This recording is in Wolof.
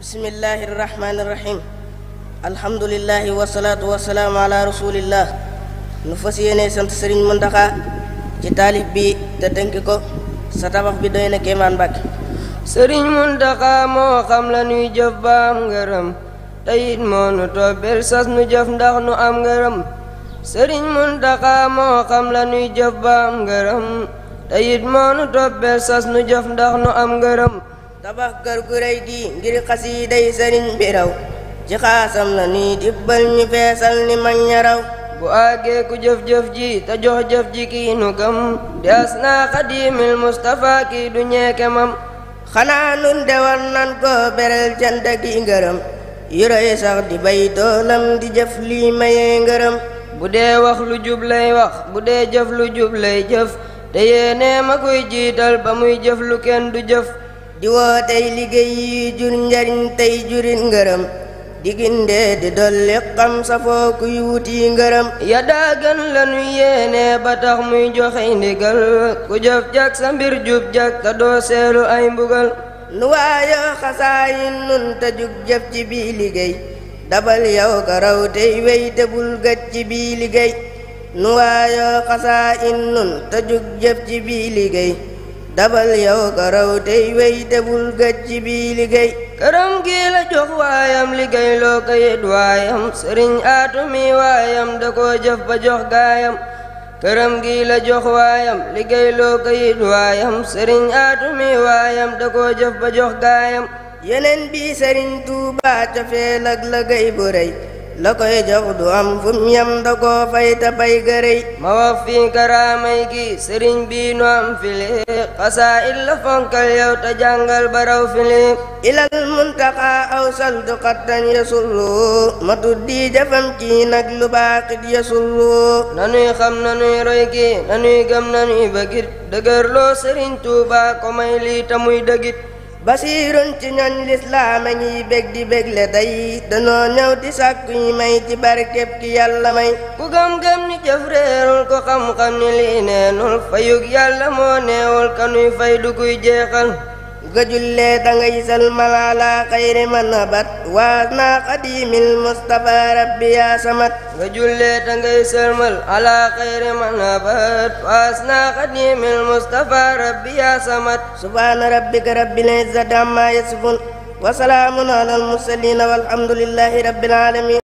bismillahi irrahmani irrahim alhamdulilahi wasalaatu wasalaamu ala rasulillah nu fas yéene sant sëriñ Muntaxa ci taalif bi te tënk ko sa tabax bi doy na kéemaan Mbàkke sëriñ Muntaxa moo xam la nuy jëf ba am ngërëm te moo nu tobbel sas nu jëf ndax nu am ngërëm sëriñ Muntaxa moo xam la nuy jëf ba am ngërëm te moo nu tobbel sas nu jëf ndax nu am ngërëm tabax kër gu rëy gi ngir xasiiday sëriñ bi raw ci xaasam la nuy dibbal ñu feesal ni mag ña bu àggee ku jëf-jëf ji te jox-jëf ji kii nu gëm di as naa Mustafa kii du ñeeke mam xanaa nun de war nan ko berel cant gi ngërëm yuroy sax di bay toolam di jëf lii maye ngërëm bu dee wax lu jub lay wax bu dee jëf lu jub lay jëf te yéenee ma kuy jiital ba muy jëf lu kenn du jëf di woo tey liggéey yi jur njariñ tey jurit ngërëm digindee di dolli xam safoo kuy wuti ngërëm ya daagan lanu yéene ba tax muy joxe ndigal ku jëf jak sa mbir jub jak te doo seelu ay mbugal nu waayo xasaayin nun te jug jëf ci bii liggéey dabal yow ka raw tey wey te bul gët ci bii liggéey nu waayo xasaayin nun te jug jëf ci bii liggéey dabal yow ko raw tey wey debul gàcci bi liggéey këram gi la jox waayam liggéey loo ko yët waayam sëriñ aatumi waayam da koo jëf ba jox gaayam këram gi la jox waayam liggéey loo ko yët waayam sëriñ aatumi waayam da koo jëf ba jox gaayam yeneen bi sëriñ Tuubaa cofeel ak la gay la koy jox du am fu mu yem da koo ta pay gërëy ma wax fii karaamay gi am fili xasaa illa fonkal yow te jàngal baraw fili ilal muntaqa aw saldu xattan yasullu ma tuddi jafam kii nag lu baaxit yasullu nanuy xam nanuy roy gi nanuy gëm nanuy bëggit dëgër loo sëriñ Tuuba ko may ta muy dëggit basiirun ci ñooñ lislaam a ngiy bég di bégle tey danoo ñëw di sàkku yi may ci barkeb ki yàlla may ku gëm-gëm ni jëf réerul ko xam-xam ni lii neenul yàlla moo neewul kanuy fay du kuy jeexal nga jullee da ngay salmal ala xayri man habat waas naa xadimil mustafa rabbi yaa samat nga jullee da ngay salmal ala xayri man habat waas naa xadimil mustafa rabbi yaa samat subhaana rabbika rabbil izzati amma yasifun wa salaamun ala al mursalin walhamdulillahi rabbil alamin